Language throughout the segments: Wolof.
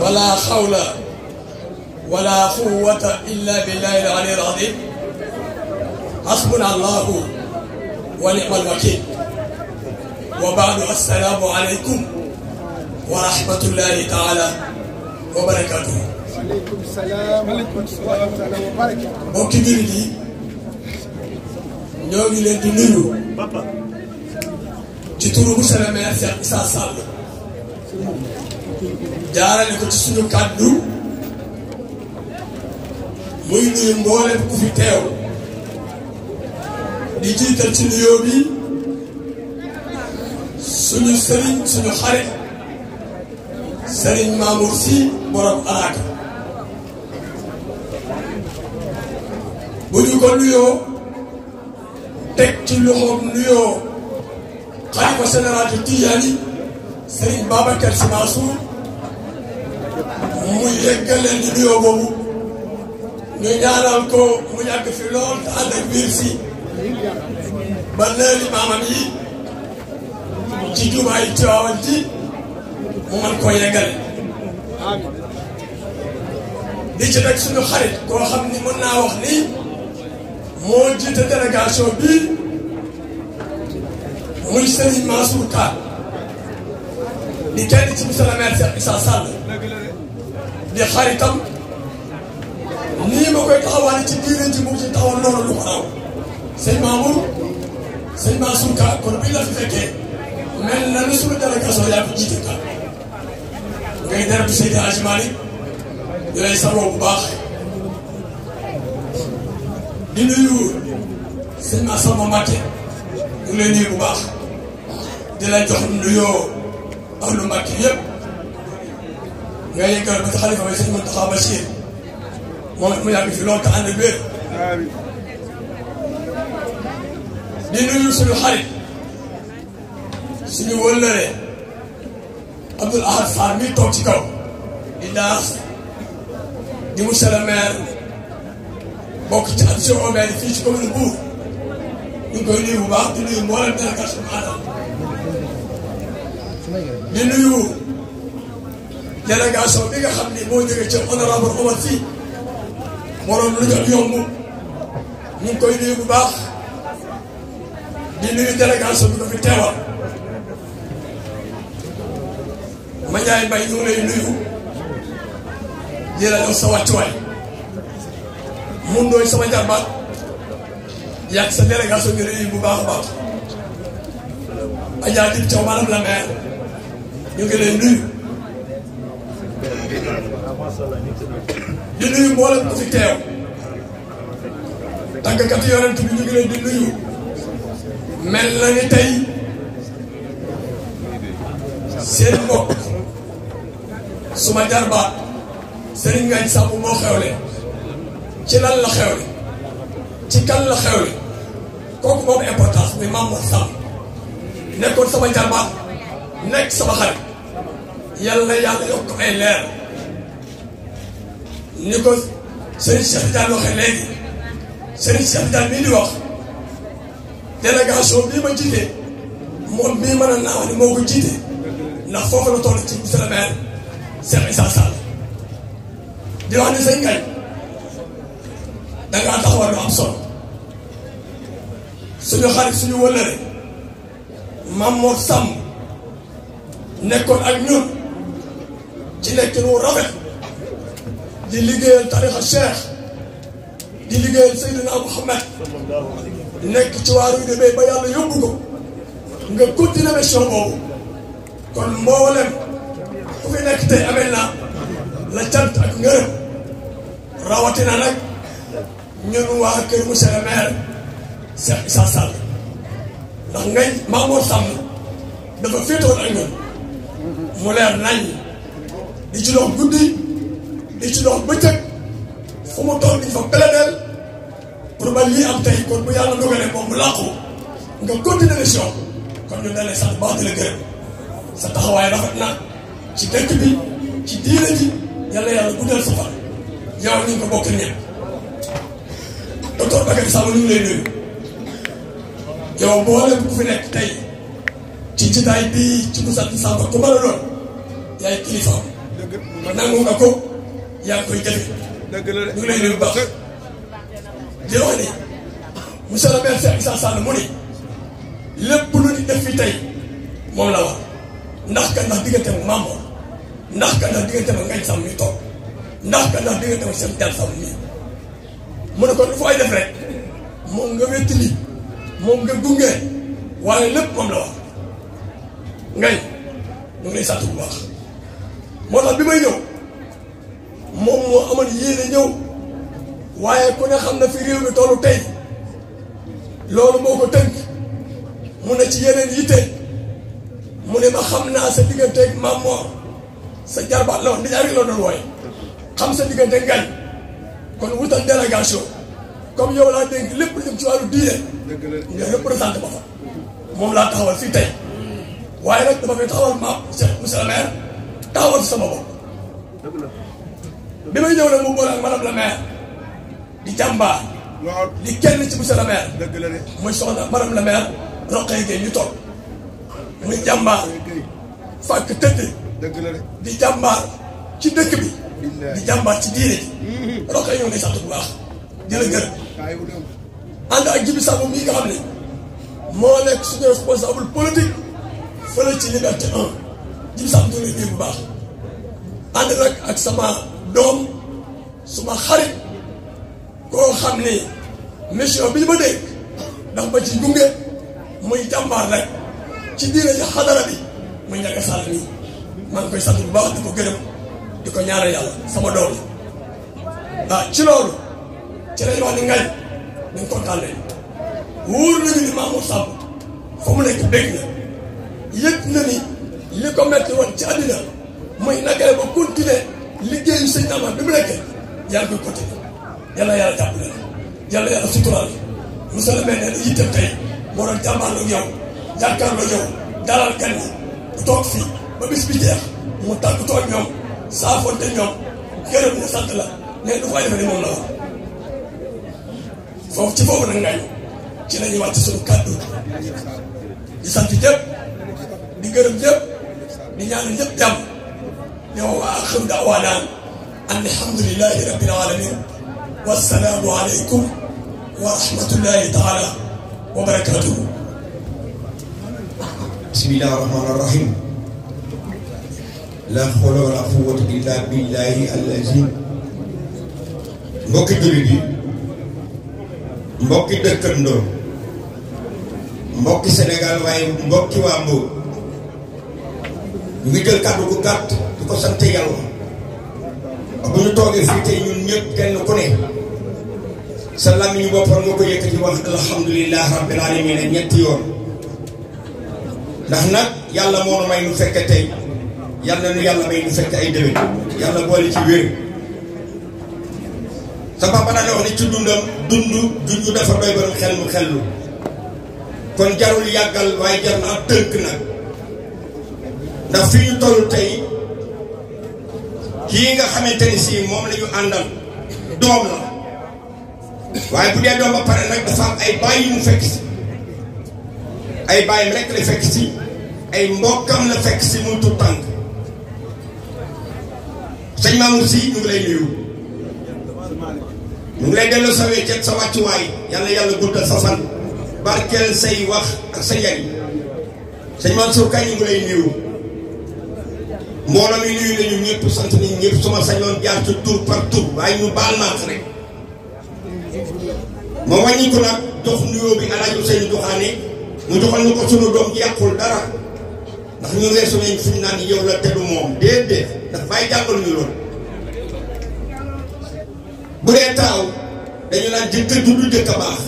ولا حول ولا قوة إلا بالله العلي العظيم حسبنا الله ونعم الوكيل وبعد السلام عليكم ورحمة الله تعالى وبركاته عليكم السلام ورحمة الله وبركاته mbokki jullit yi ñoo ngi leen di nuyu ci turu monsieur le maire Cheikh Issa Sall jaarale ko ci suñu kàddu muy nuyu mboolem ku fi teew di jiital ci nuyoo bi suñu sëriñ suñu xarit sëriñ Mamour Sy borom alaaka bu ñu ko nuyoo teg ci loxoom nuyoo xalifa général di Tijaani sëriñ Babacar Sy Mansour mu njëkkal leen ci nuyoo ñu ñaanal ko mu yàgg fi lool te ànd si ba leer maamam yi ci jumaa yi Tiwaawan ji mu mën koo yeggale di ci suñu xarit koo xam ni mën naa wax ni moo jiite délégation bii muy Serigne Mansour Ka di kenn ci monsieur le maire Cheikh Issa Sall di xaritam nii ma koy taxawaale ci diine ji mu ci taxawal loolu lu ko raw sëñ Mamour sëñ kon bi la fi fekkee mel na ni suñu délégation yaa ko jiite ka ngay dara du Seydi Hadji di lay saroo bu baax di nuyu sëñ Assane Mbacke di lay nuyu bu baax di lay jox nuyoo ahlu Mbacke yëpp. ويليك المتخلف بشير منتخب بشير يعني ومحمود عبد الفلوم تحن البيت دينو سنو حرب سنو ولره عبد الاحد فارمي توتيكو الناس دي مسلمان بوك تاتشو ما يعني فيش كل البو نقول لي وبعض لي مولد سبحان الله دينو délégation bi nga xam ni moo jóge ci honorable Omar fii moroom lu ñu bu baax di nuyu délégation bi ko fi ma ñaay bay ñu ngi lay nuyu di la jox sa mun dooy sama jarbaat yàgg sa délégation bi nuyu bu baax a baax Adja Dib Thiaw maanaam la maire ñu ngi lay nuyu di nuyu mboolem ku fi teew tàggkati yonent bi ñu ngi di nuyu mel na ni tey seen mbokk suma jarbaat Serigne Ngagne Samb moo xewle ci lan la xewle ci kan la xewle kooku moom importance bi Mamour Samb nekkoon sama jarbaat nekk sama xarit yàlla yàlla yokk ay leer ni ko Serigne Cheikh Tidiane waxee léegi Serigne Cheikh Tidiane mii di wax délégation bii ma jiite moom mii mën a naa wax ne moo ko jiite ndax foofu la toll ci monsieur le maire Cheikh Issa di wax ne sëñ Ngaye dangaa taxawal lu am solo suñu xarit suñu wëllëre Mame Mor Samb nekkoon ak ñun nekk nekkin wu rafet di liggéeyal tarixa cheikh di liggéeyal Seydina Muhammad nekk ci waaru de bay ba yàlla yóbbu ko nga continuer mission boobu kon mboolem ku fi nekk tey amee naa la cant ak ngërëm rawatina nag ñun waa kër monsieur le maire Cheikh Issa Sall ndax ngay Mamour Samb dafa féetoon ak ñun mu leer nañ di ci dox guddi di ci dox bëccëg fu mu toll di fa peleneel pour ba lii am tey kon bu yàlla dogalee moom mu làqu nga continuer ne la sax baax di la gërëm sa taxawaay rafet na ci dëkk bi ci diina ji yàlla yàlla guddal sa fan yow ñu ko bokk ñëpp docteur Bakary Sall ñu ngi lay nuyu yow mboolem ku fi nekk tey ci jotaay bi ci musat bi sàmba ku mën a doon yaay kilifa nangu nga ko yaa ngi koy jafe. dëgg la de ñu ngi lay nuyu bu baax. di ni monsieur le maire Cheikh Issa Sall mu ni lépp lu ñu def fi tey moom la wax ndax ka ndax diggante mu Mamour ndax ka diggante mu Ngañ Sam mi toog ndax ka ndax diggante mu Cheikh Diagne Sam mi mu ne kon lu fay def rek moom nga wéttali moom nga gunge waaye lépp moom la wax ngay ñu ngi lay sant bu baax moo tax bi may ñëw. moom moo amal yéene ñëw waaye ku ne xam na fi réew mi tollu tey loolu moo ko tënk mu ne ci yeneen yitte mu ne ma xam naa sa digganteeg Maam Mor sa jarbaat la wax ndijaay rek la doon wooye xam sa diggante ngañ kon wutal délégation comme yow laa dénk lépp lu jëm ci wàllu diine nga représenté ma fa moom laa taxawal fii tey waaye nag dama fay taxawal maam monsieur monsieur le maire taxawal sama bopp bi may ñëw nag mu boole ak madame la maire di jàmbaar. di kenn ci monsieur le maire. dëgg la de muy soxna la maire Roqe Gueye ñu toog muy jàmbaar fàkk tëdd. dëgg la de di jàmbaar ci dëkk bi. di jàmbaar ci diine ji. Mm-hmm. Roqe ñoo ngi bu baax di la gërëm. ànd ak Jibi Samb mii nga xam ne moo nekk suñu responsable politique fële ci liberté 1 Jibi Samb doon liggéey bu baax ànd nag ak sama. doom suma xarit koo xam ni mission bi ñu ma dégg ndax ba ci gunge muy jàmbaar rek ci diine ci xadara bi muy ñàkk sàll nii koy sant bu baax di ko gërëm di ko ñaanal yàlla sama doom yi ah ci loolu ci lañ wax ni ngañ dañ kontaan leen wóor nañu ni Mamour Samb fa mu nekk dégg na yëg na ni li ko metti woon ci àddina muy nagale ba continuer liggéeyu sëñ Amar bi mu nekkee a koy côté yàlla yàlla jàppale yàlla yàlla suturaal monsieur le maire nee na yitteem tey moo doon jàmbaarloo ak yow jàkkaarloo ak yow dalal gan yi bu toog fii ba bis bi jeex mu tàggatoo ak ñoom saafoonte ñoom gërëm na sant la nee du fay defee ni moom la war ci foofu nag ngaañu ci la ñuy wàcc suñu kàddu di sant ñëpp di gërëm ñëpp di ñaanal ñëpp jàmm. وآخر دعوانا أن الحمد لله رب العالمين والسلام عليكم ورحمة الله تعالى وبركاته بسم الله الرحمن الرحيم لا حول ولا قوة إلا بالله العظيم mbokki jullit yi mbokki dëkkandoo mbokki Sénégal waaye mbokki waa Mbour ñu ngi jël kàddu gu gàtt di ko sant yàlla bu ñu toogee fii tey ñun ñëpp kenn ku ne sa làmmiñu boppam moo ko yëkkati wax alhamdulilah rabbil alamin ñetti yoon ndax nag yàlla moo nu may nu fekke tey yàlla nu yàlla may nu fekke ay déwén yàlla boole ci wér sa papa daan wax ne ci dundam dund du dafa doy borom xel mu xellu kon jarul yàggal waaye jar na ab nag ndax fi ñu toll tey ki nga xamanteni si mom lañu andal dom la waye bu dee dom ba paré nak dafa am ay bàyyi mu fekk ci ay bàyyi rek la fekk ci ay mbokam la fekk si muy tuut tànk sëñ Mamour si ñu lay nuyu ñu lay delloo sa ci sa way yalla yalla guddal sa fan barkel say wax ak sa señ ma Mansour kañ ñu lay nuyu mbooloo mi nuyu nañu ñëpp sant nañu ñëpp sama sañoon jaar ci tur par tur waaye ñu baal naa rek ma wàññi nag jox nuyoo bi alaaju seen joxaane mu joxal ñu ko sunu doom ji dara ndax ñu weesu nañ suñu naan yow la teddu moom déedéet ndax bàyyi jàngal ñu loolu bu dee taaw dañu naan jëkkër du jëkk a baax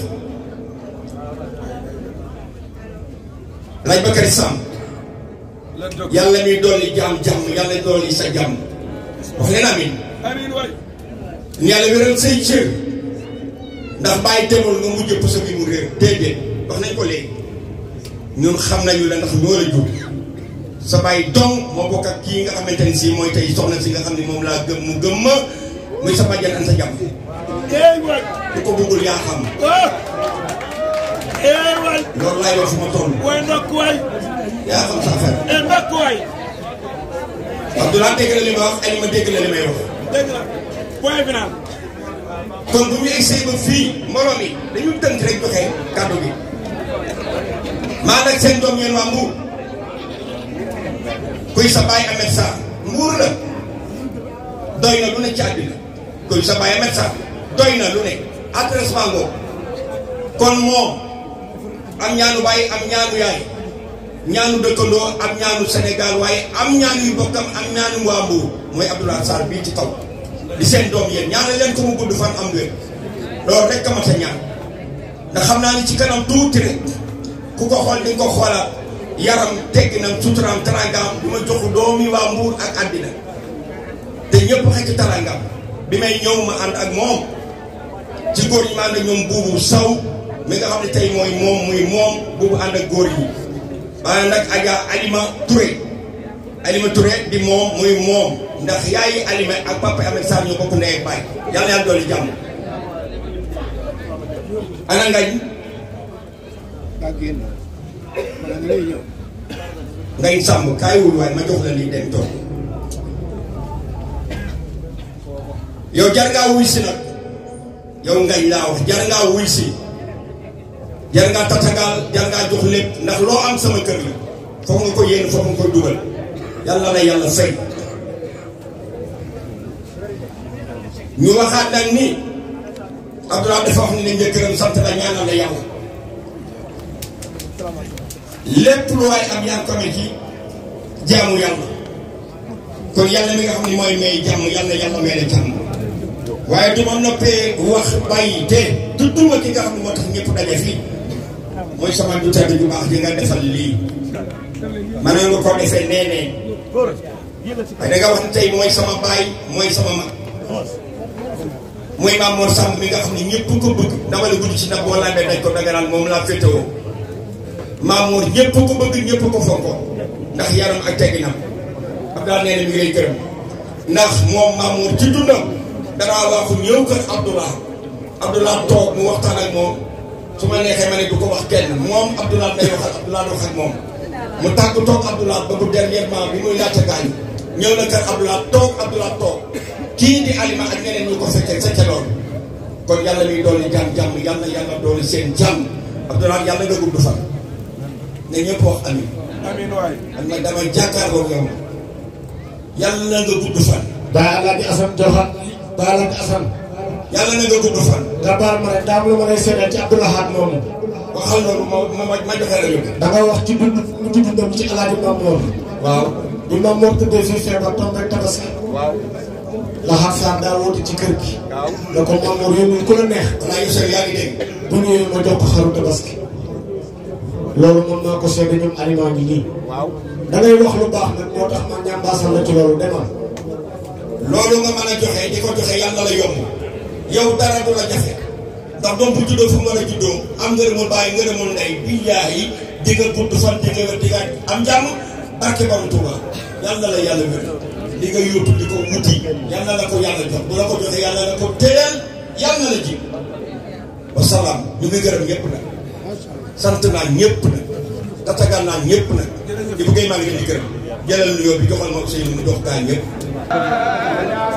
laaj Bakary Samb yàlla ñuy dolli jaam jàmm yàlla dolli sa jàmm wax leen amin amin waay yàlla wéral say cër ndax bàyyi temoon nga mujj puso bi mu réer déedéet wax nañ ko léegi ñun xam nañu la ndax ñoo la sa bàyyi dong moo bokk ak kii nga xamante ni si mooy tey soxna si nga xam ni moom laa gëm mu gëm ma muy sa bàjjan sa jàmm ku ko bëggul yaa xam ah. loolu laay wax fu ma toll yaa xam sa affaire. eh mbàkk waay. Abdoulaye dégg na li ma wax Alima dégg na li may wax. kon bu ñu essayé ba fii morom yi dañu tënk rek joxe kàddu gi. maa nag seen doom yéen waa Mbour. kuy sa bàyyi Ahmed Sarr Mbour la. doy na lu ne ci àddina. kuy sa bàyyi Ahmed Sarr doy na lu ne adresse baa ngoog kon moo am ñaanu bàyyi am ñaanu yaay. ñaanu dëkkandoo am ñaanu senegal waaye am ñaan yu bokkam am ñaanu waa Mbour mooy Abdoulaye Sarr bii ci taw di seen doom yéen ñaanal leen mu gudd fan am wér loolu rek ka mat a ñaan ndax xam naa ni ci kanam tuuti rek ku ko xool di nga ko xoolaat yaram teggi nam suturaam tarangam bi ma joxu doomi waa Mbour ak àddina te ñëpp xekk tarangam bi may ñëw ma ànd ak moom ci góor ñi ma ànd ak ñoom buubu saw mi nga xam ne tey mooy moom muy moom buubu ànd ak yi maanaam nag Adja Alima Touré Alima Touré di mom muy mom ndax yaayi Alima ak papa Ahmed Sarr ñoo bokk ndey ak baay yàlla yàlla dolli jàmm ana ngañ ngañ sàmm kaay wul waaye ma jox la lii dem toog yow jar ngaa wuy si nag yow ngañ laa wax jar ngaa wuy si jar ngaa tatangaal jar ngaa jox lépp ndax loo am sama kër la foofu nga ko yéen foofu nga koy dugal yàlla na yàlla fay ñu waxaat nag ni Abdoulaye dafa wax ne njëkkëram sant la ñaanal la yàlla lépp lu waay am yaa ko amee ci jaamu yàlla kon yàlla mi nga xam mooy may jàmm yàlla yàlla may la jàmm waaye du noppee wax bàyyi te tudduma ki nga xam moo tax ñëpp daje fii mooy sama dutaati bu baax di nga defal lii ma ne nga ko defee nee nee mooy sama baay mooy sama mag mooy maam Mor Samb mi nga xam ne ñëpp ko bëgg dama la gudd ci ndax boo laajee dañ ko danga naan moom laa féetewoo maam Mor ko bëgg ñëpp ko fonko ndax yaram ak tegginam Abdoulaye nee na mi ngi lay gërëm ndax moom maam ci dundam danaa waaxu ñëw kër Abdoulaye Abdoulaye toog mu waxtaan ak moom. su ma neexee ma ne du ko wax kenn moom Abdoulaye day wax ak Abdoulaye wax ak moom mu tàgg toog Abdoulaye ba bu dernièrement bi muy laajte gaañu ñëw na kër Abdoulaye toog Abdoulaye toog kii di alima ak ñeneen ñu ko fekkee fekke loolu kon yàlla ñuy doole jàmm jàmm yàlla yàlla doole seen jàmm Abdoulaye yàlla nga gudd fan ne ñëpp wax amin amin waay am na dama jàkkaarloo yow yàlla nga gudd fan daala bi asan joxat daala yàlla na nga gudd fan. nga baal ma rek daa am lu ma lay ci Abdou Lahad moomu. loolu ma ma ma joxe la yóbbu. feebar tombé tabaski. waaw. loolu mën naa ko seede ñoom aliment bi nii. waaw wax lu baax nag tax man ñambaasal la ci loolu demal. loolu nga mën a joxe di ko joxe yàlla la yomb. yow dara du la jafe ndax doom bu juddoo fu mën a juddoo am ngërëmul bàyyi ngërëmul ndey billaahi di nga gudd fan di nga wér di nga am jàmm barke Borom Tuuba yàlla la yàlla wér li nga yóotu di ko wuti yàlla la ko yàlla jox bu la ko joxee yàlla la ko tëral yàlla la ji wasalaam ñu ngi gërëm ñëpp nag sant naa ñëpp nag tatagal naa ñëpp nag di bu ngay maa ngi leen di gërëm jëlal nuyoo bi joxal ma ko seen mu jox gaa ñëpp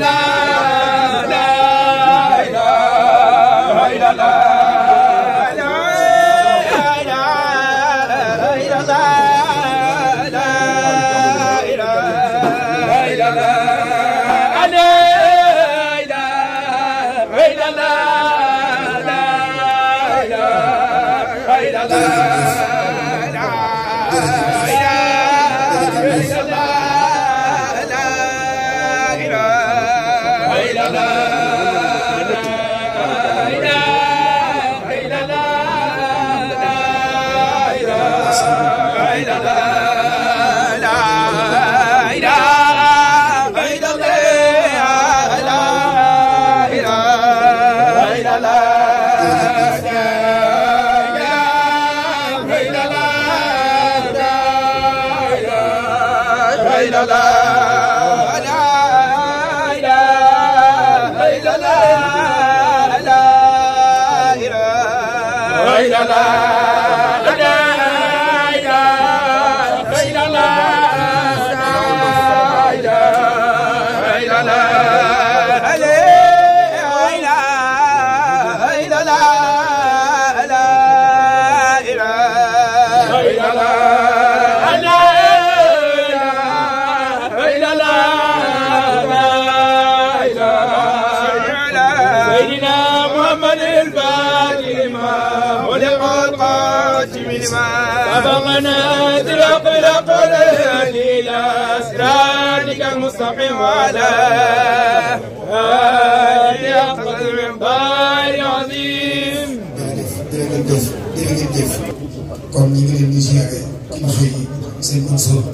la kon ñu ngi leen di ziare kilifa yi sëñ Mansour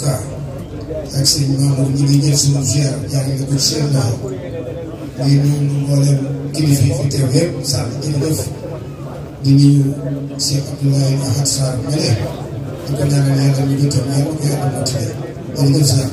Ka ak sëñ Mamour ñu ngi jël suñu ziar jaarale ko seen loxo di nuyu mboolem kilifa yi fi teew yëpp sànni jërëjëf di nuyu sëñ Abdoulaye Ahad Sarr Mbale di ko ñaanal yàlla ñu jotoon yàlla ko yàlla mottali jërëjëf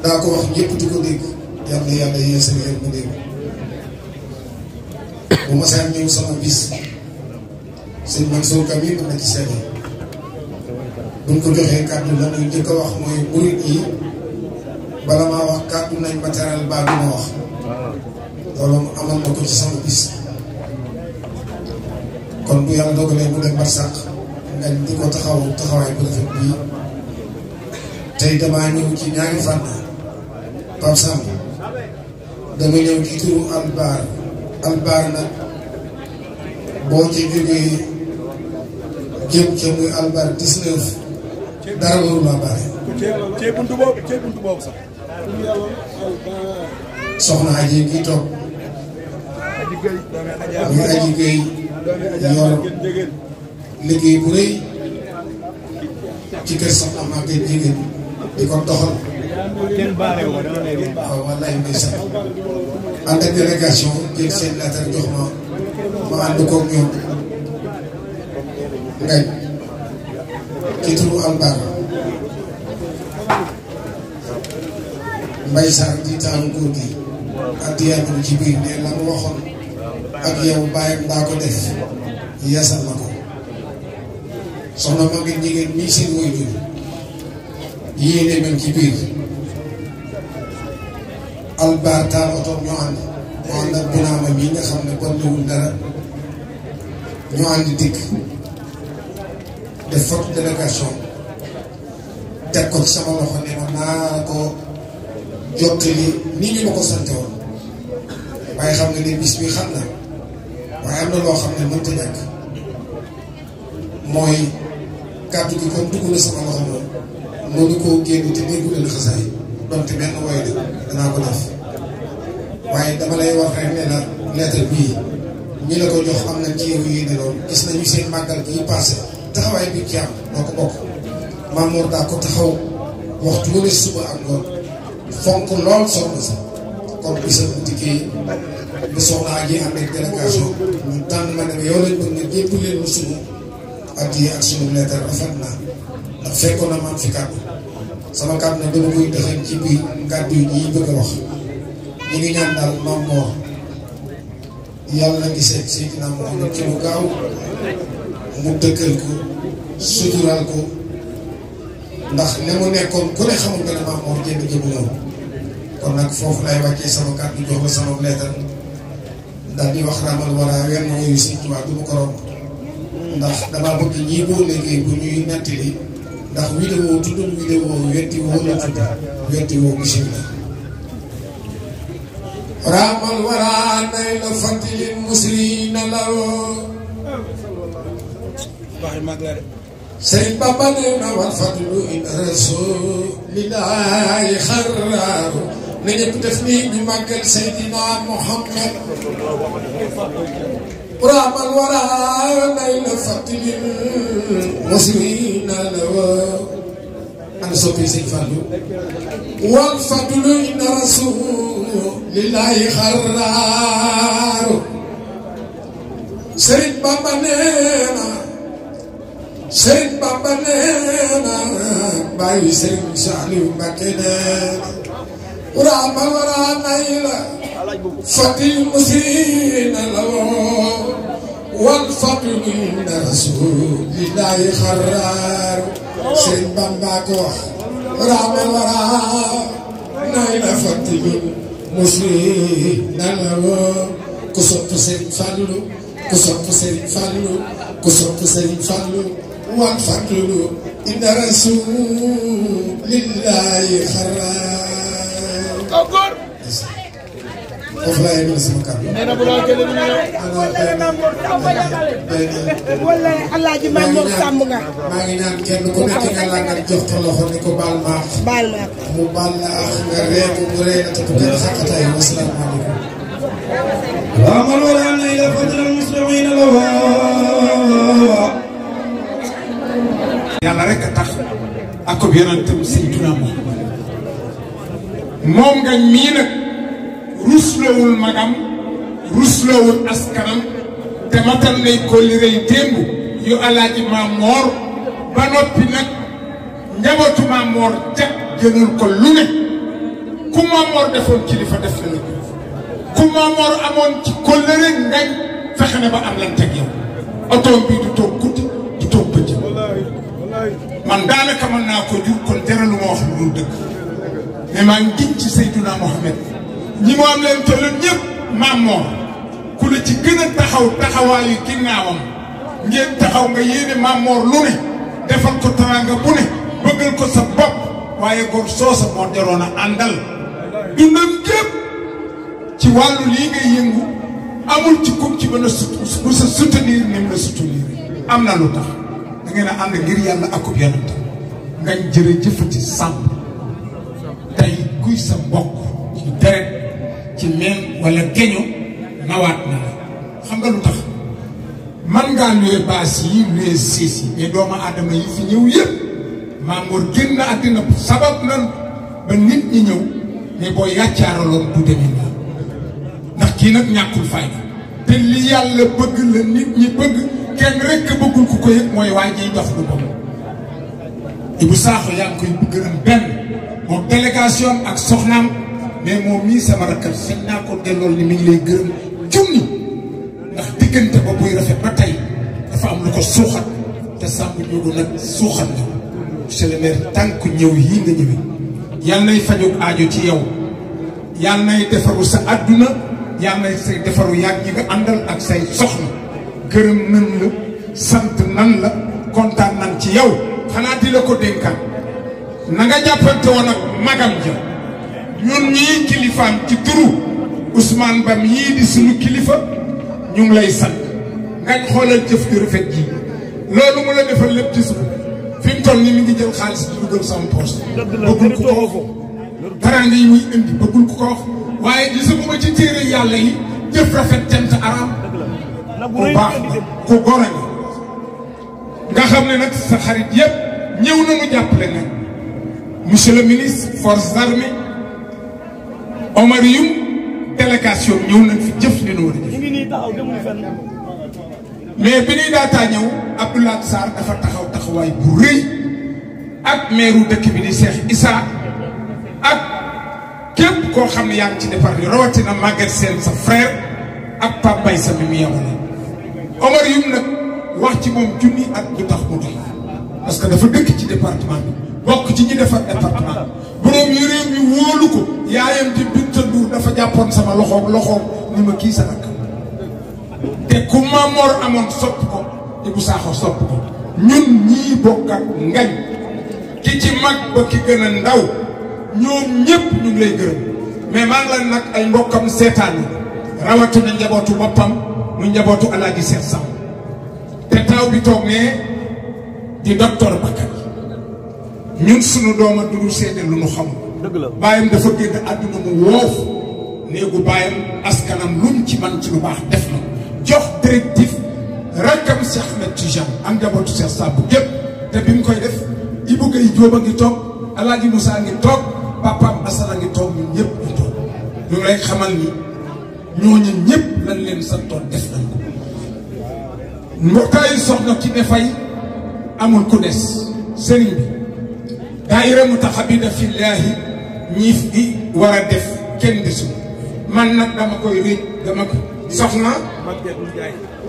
daa ko wax ñëpp di ko dégg yàlla na yàlla yeesal yéen mu dégg bu ma saan ñëw sama bis sëñ Mansour Ka mii mën na ci seede buñ ko joxee kàddu la njëkk a wax mooy murit yi bala maa wax kàddu nañ matériel baa du wax loolu mu amoon na ko ci sama bis kon bu yàlla dogalee mu dem barsàq nga di ko taxaw taxawaay bu rafet bii tey damaa ñëw ci ñaari fànn Pape Samb dama ñëw ci turu albaar albaar nag boo ci jógee jëm ca muy albaar 19 dara warul laa bare. cee buntu boobu cee buntu boobu sax. soxna aji gi toog muy aji gay yor liggéey bu rëy ci kër soxna Maguette Jigéen di ko doxal. kenn baaree wu ma dama lay leen. waaw wallaahi ndeysaan ànd jox ma ma ànd koog ñoom ngay ci turu Albar Mbaye Sarr di taalu góor gi ak yaatul ci biir ne la mu waxoon ak yow bàyyam daa ko def yasal na ko soxna ma ngeen jigéen ñii seen waajur yéene nañ ci biir. albaar taal oto ànd ñu ànd binaama mii nga xam ne bon liwul dara ñu ànd dikk def forte délégation teg ko ci sama loxo ne naa ko jottali ni ñu ma ko sante woon waaye xam nga ne bis bi xam na waaye am na loo xam ne mënta ñàkk mooy kàddu gi comme dugg na sama loxo moom mënu koo génn te déggu leen xasaay donte benn woy de ko def waaye dama lay wax rek ne la lettre bii ñi la ko jox am na ci yow yi ne loolu gis nañu seen màggal bi passé taxawaay bi ci am noo ko bokk Mamour daa ko taxaw waxtu wala suba ak ngoon fonk lool soxna si kon bisa bu dikkee bu soxna ak ak délégation ñu tànn ma ne ma leen mu sunu ak yi ak sunu lettre rafet na ndax fekkoon na man fi kàddu sama kàddu nag dama koy dëxañ ci biir kàddu yi ñuy bëgg a wax ñu ngi ñaan daal maam moo yàlla na ngi seet Seydina Muhammad ci lu gaaw mu dëkkal ko suturaal ko ndax li mu nekkoon ku ne xamul ko ne jënd jëmu kon nag foofu lay wàccee sama kàddu jox la sama leetar daal di wax ramal wala wenn wooyu Sëñ Tuubaa du ma ko romb ndax damaa bëgg ñii boo léegi bu ñuy nettali ndax vidéo tuddul vidéo wetti woo la tudd wetti woo gisin la raamal waraa nay la fattilin musrina law sëriñ Bamba nee wal fatilu in rasulillahi xaraaru na ñëpp def nii ñu màggal Seydina Muhammad رام الورى بين فتن مسلمين لوا أنا صوتي سيفالو والفضل إن رسول لله خرار سيد بابا نينا سيد بابا نينا باي سيد سالي ومكينا رام الورى نيلا فتي مسلمين لوا rasuul billaahi xaraar sëñ Bamba ko wax raame wara nay na fatti ñun muslim nana ku sopp sëñ ku sopp sëñ ku sopp sëñ Fallu wan fàttulu inna rasuul billaahi xaraar foofu laa yéene sama kàddu. nee na bu moom sàmm nga. na moom moom nga mii nag. ruslawul magam ruslawul askanam te matal nay kóllire yu démb yu alaaji maam moor ba noppi nag njabootu maam moor jag jënul ko lu ne ku maam moor defoon kilifa def na la ku maam moor amoon ci kóllire ngay fexe ne ba am lan teg yow otoom bi du toog guddi du toog bëccëg man daanaka mën naa ko jur kon dara lu ma wax lu dul dëgg mais maa ngi ci Seydina Mohamed ñi moom leen tëlun ñëpp maam ku la ci gën a taxaw taxawaayu ginnaawam ngeen taxaw nga yéene Mamor lu ne defal ko teraanga bu ne bëggal ko sa bopp waaye góor soosa moo jaroon a àndal dundam gépp ci wàllu lii ngay yëngu am na lu tax da ngeen a ngir yàlla akub yonent ngañ jërëjëfati sàmm tey kuy sa mbokk ci deret ci meen wala geño nawaat na la xam nga lu tax man ngaa luye baas yi luye siis yi mais doomu aadama yi fi ñëw yëpp Mamour génn àddina sabab nan ba nit ñi ñëw mais boo yàccaaraloon bu demee naa ndax kii nag ñàkkul fayda te li bëgg la ko yëg mooy waa jiy dox lu bopp Ibou Sakho yaa ngi koy gërëm benn moom délégation ak soxnaam mais moom mii sama rakkal sañ naa ko dellool ni mi ngi lay gërëm junni ndax diggante ba buy rafet ba tey dafa am lu ko suuxat te sàmm ñoodu nag suuxat la monsieur le tànk ñëw yii nga ñëwee yal nay fajug aajo ci yow yal nay defaru sa àdduna yal nay say defaru yàgg ñi nga àndal ak say soxna gërëm nan la sant nan la kontaan nan ci yow xanaa di la ko dénkaan na nga jàppante woon ak magam ja ñun ñii kilifaam ci turu Ousmane Bam yii di sunu kilifa ñu ngi lay sant ngañ xoolal jëf ju rafet ji loolu mu la defal lépp ci suuf fi mu toll ni mi ngi jël xaalis di dugal sama poche bëggul ku ko wax teraanga yi muy indi bëggul ku ko wax waaye gisuma ci téere yàlla yi jëf rafet cant araam ku baax ku gor nga xam ne nag sa xarit yëpp ñëw na mu jàppale nag monsieur le ministre forces armées Omar yu délégation ñëw nañ fi jëf li nu mais bi ñuy daataa ñëw Abdoulaye Sarr dafa taxaw taxawaay bu rëy ak meeru dëkk bi di Cheikh Issa ak képp koo xam ne yaa ngi ci defar bi rawatina Maguette Sène sa frère ak Pape sa bi mu nag wax ci moom junni at du tax mu parce que dafa dëkk ci département bokk ci ñi defar département borom yëreem bi wóolu ko yaayam di Binta Ndour dafa jàppoon sama loxoom loxoom ni ma kii sa rakk te ku ma amoon sopp ko Ibou Sakho sopp ko ñun ñii bokk ak ki ci mag ba gën a ndaw ñoom ñépp ñu ngi lay gërëm mais maa ngi lan nag ay mbokkam seetaan yi rawatina njabootu boppam mu njabootu alaaji seet sam te taw bi toog ne di docteur ba ñun suñu dooma dudul seede lu nu xamul bàyyam dafa génn àdduna mu woof néegu bàyyam askanam lum ci man ci lu baax def na jox directif rakkam Cheikh Ahmed Tidiane am njabootu Cheikh Saabu gépp te bi mu koy def Ibou Gueye Diop a ngi toog Alaaji Moussa ngi toog papaam Asala ngi toog ñun ñëpp ñu toog ñu ngi xamal ni ñooñu ñëpp lañ leen santoon def nañ ko mbokkaayu soxna ki ne fay amul ku des sëriñ bi daayira mutaxabina fillaahi ñi fi war a def kenn desul man nag dama koy réj dama ko soxna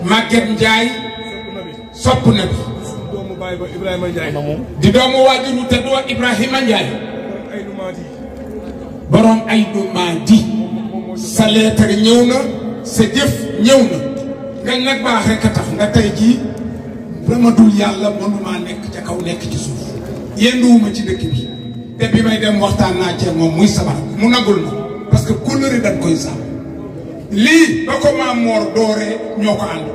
Maguette Ndiaye sopp na bi di doomu waajur wu tedd wa Ibrahima Ndiaye borom ay dumaadi sa leetar ñëw na sa jëf ñëw na nga nag baax rek a tax nga tey jii dama dul yàlla mënuma nekk ca kaw nekk ci suuf yenduwuma ci dëkk bi te bi may dem waxtaan naa cee moom muy sabar mu nagul na parce que couleur yi dañ koy sàmm lii ba ko maam Mor dooree ñoo ko ànd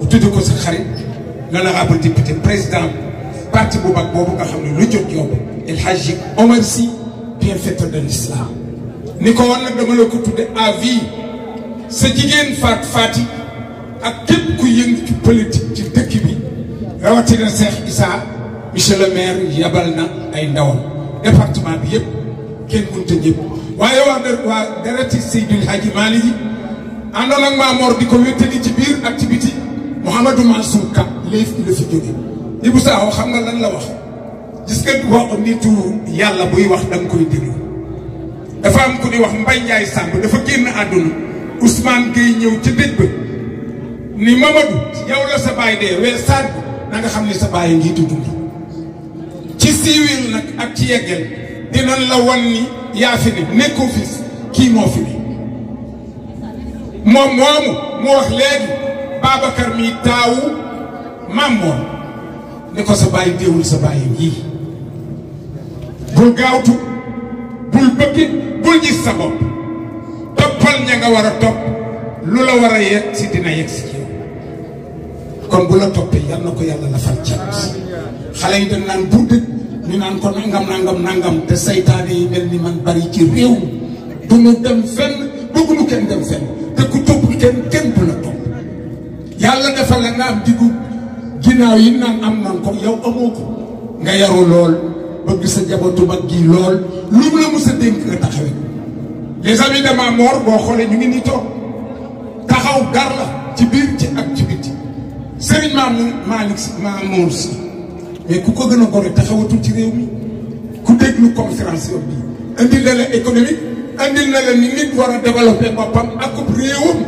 bu tudde ko sa xarit l'honorable député président parti bu mag boobu nga xam ne lu jot yomb El Hadji Omar Sy bienfaiteur de l'islam ni ko war nag dama la ko tudde à vie sa jigéen faat faati ak képp ku yëngu ci politique ci dëkk bi rawatina Cheikh isaa monsieur le maire yabal na ay ndawam département bi yëpp kenn mënta ñëpp waaye waa waa dereti Seydil Hadji Malick yi àndoon ak Maamoor di ko wéttali ci biir ak ci biti Mouhamadou Mansour Ka léef la fi jóge Ibou Sakho xam nga lan la wax gis nga wax nitu yàlla buy wax da nga koy déglu dafa am ku ni wax Mbaye Ndiaye dafa génn àdduna Ousmane Gueye ñëw ca dëj ba ni Mamadou yow la sa baay dee wee Sadou na xam ne sa baay ngi dund. siiwee nag ak ci yeggeel dinañ la wan ni yaa fi ne nekkoo fi kii moo fi moom moomu mu wax léegi Babacar mi taawu maam moom ne ko sa bàyyi déewul sa bàyyi yii bul gaawtu bul bëggit bul gis sa bopp toppal ña nga war a topp lu la war a yegg si dina yegg si yow kon bu la toppee yal na ko yàlla la fal cat xale yi dañ naan bu dëgg ñu naan ko nangam nangam nangam te saytaane yi mel ni man bari ci réew du ñu dem fenn bëgguñu kenn dem fenn te ku topp kenn kenn du la topp yàlla dafa la nga am diggu ginnaaw yi naan am nan ko yow amoo nga yaru lool bëgg sa jabatu mag gi lool lu mu la mës a dénk nga taxawee les amis de ma boo xoolee ñu ngi nii toog taxaw gar la ci biir ci ak ci biti Serigne Mamour Malick Mamour si mais kuko ko gën a gore ci réew mi ku déglu conférence bi un na la économique andil na la ni nit wara développer bopam boppam ak réewam.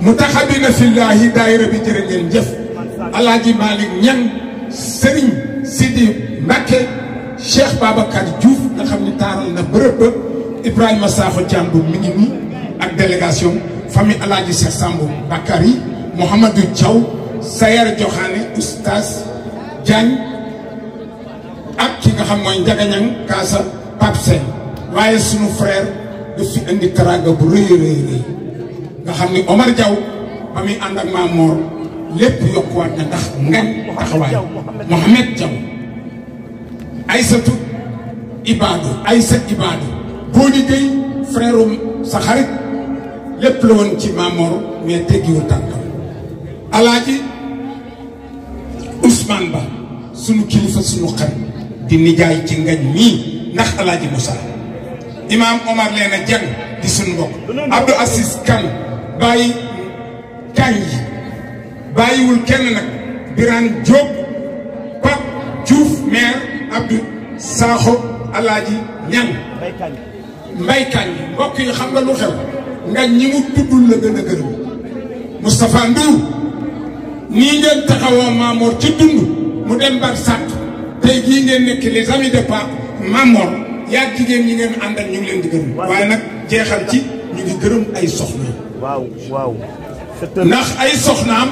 mu taxabina fillaahi bi jërë jëf alaaji Malick Serigne Sidi Mbacke Cheikh Babacar Diouf nga xam ne taaral na bërëb ba Ibrahima Sakho Thiambo mi ngi ak délégation famille alaaji Cheikh Samb Bakary Mouhamadou diaw Sayar Joxaane oustaz jagn ak ki nga xam moy njagañang kaasa papse waye sunu frère du fi indi karaga bu reuy reuy rëy nga xam ni Omar Diaw ba and ak mamour lepp lépp wat na tax ngan taxaway mohammed Diaw aissatu Ibadu Aysat Ibadu ni tay frère um sa xarit lepp la ci mamour mais teggiwul tànkam alaji Ousmane Ba sunu kilifa sunu xam di nijaay ci ngañ mi nax alaaji Moussa Imam Omar Leena jang di sunu bok Abdou Assis Kan bayi kañ yi wul kenn nak mer job Pape Diouf mer Abdou Sakho alaaji kanji mbay kañ mbokk yi xam nga lu xew ngañ ñi mu tuddul la gëna gëru Ndou nii ngeen taxawoo Mamor ci dund mu dem bar sàtt tey jii ngeen nekk les amis de Pape Mamor yaa jigéen ñi ngeen àndal ñu ngi leen di gërëm. waaye nag jeexal ci ñu ngi gërëm ay soxna. ndax ay soxnaam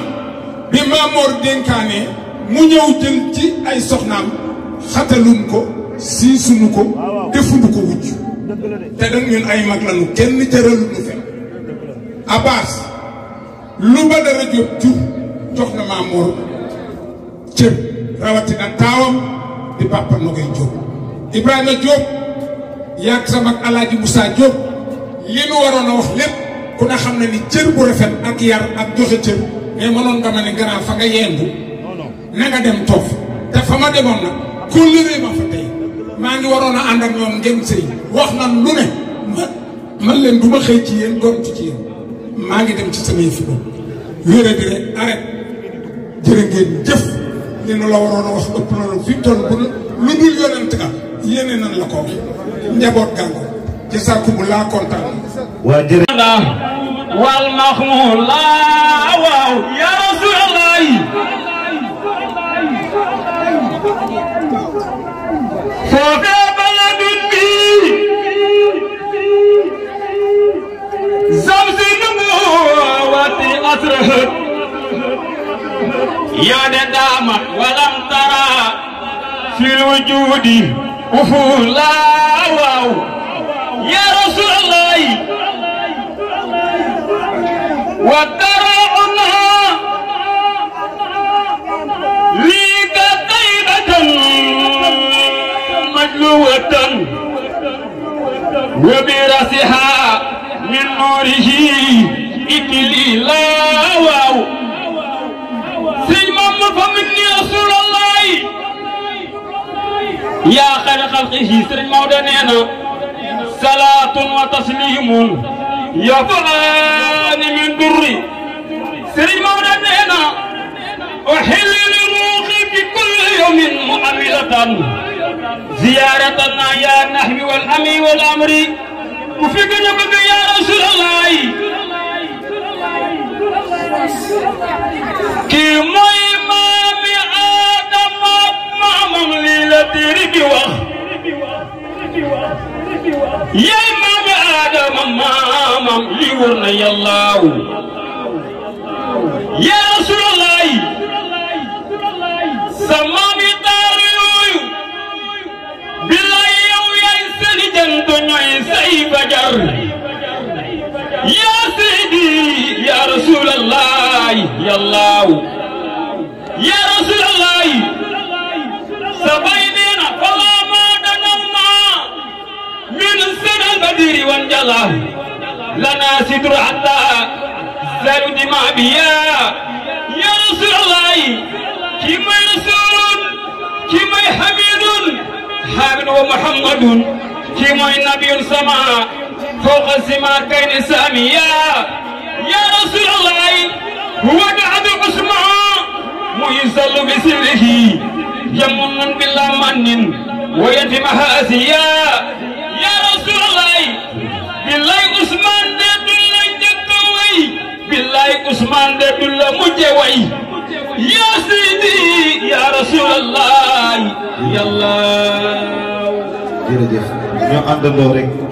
bi Mamor dénkaane mu ñëw jël ci ay soxnaam xatalum ko siisunu ko defuñu ko wujj te nag ñun ay mag lañu kenn jëraluñu fenn Abbas lu ba dara jóg jur. jox na maam Mor cër rawatina taawam di papa Nogay Diop Ibrahima Diop yàgg sama ak El Hadj Moussa Diop li nu waroon a wax lépp ku ne xam na ni cër bu rafet ak yar ak joxe cër mais mënoon nga ma ne gannaaw fa nga yendu na nga dem toog te fa ma demoon nag kóllëre ma fa tey maa ngi waroon a ànd ak ñoom ngeen sëy wax nan lu ne man leen du ma xëy ci yéen gont ci yéen maa ngi dem ci sama yëfi bopp wéer a dire jërë jëf li la waroon a ëpp na fi mu toll bu ka yéene nan la ko njaboot gàngo jasaakumu laa kontaan waa jërë wal maxmu laa waaw yaa rasulallah foofe baladun bi zamsi numu waati atrahat يا ندام ولم ترى في الوجود وفولا واو يا رسول الله وترى عنها ليك طيبة مجلوة وبرأسها من نوره إتلي لا واو يا خير خلقه سرن مودا نينا صلاه وتسليم فلان من دري سرن مودا نينا احل لروحي بكل يوم مؤمله زيارة يا نحمي والامي والامر وفي بك يا رسول الله كي téere bi wax yaay maami aadama maamam lii wër na yàllaawu yaa rasulallah sa maami taar yooyu billaay yow yaay seen jant ñooy say bajar yaa seydi yaa rasulallah yàllaawu yaa rasulallah sa badiri wan jalah lana sidr hatta dima biya ya rasulullah kima rasulun kima habidun habidu muhammadun kima nabiyun sama fawqa sima kain ya rasulullah huwa da'adu usma'a muizallu bisirihi yamunan billah mannin wa Bilai Usman de du bilai Usman a way billaay Ousmane de Ya la mujje ya Rasulullah, ya Allah. ya jërëjëf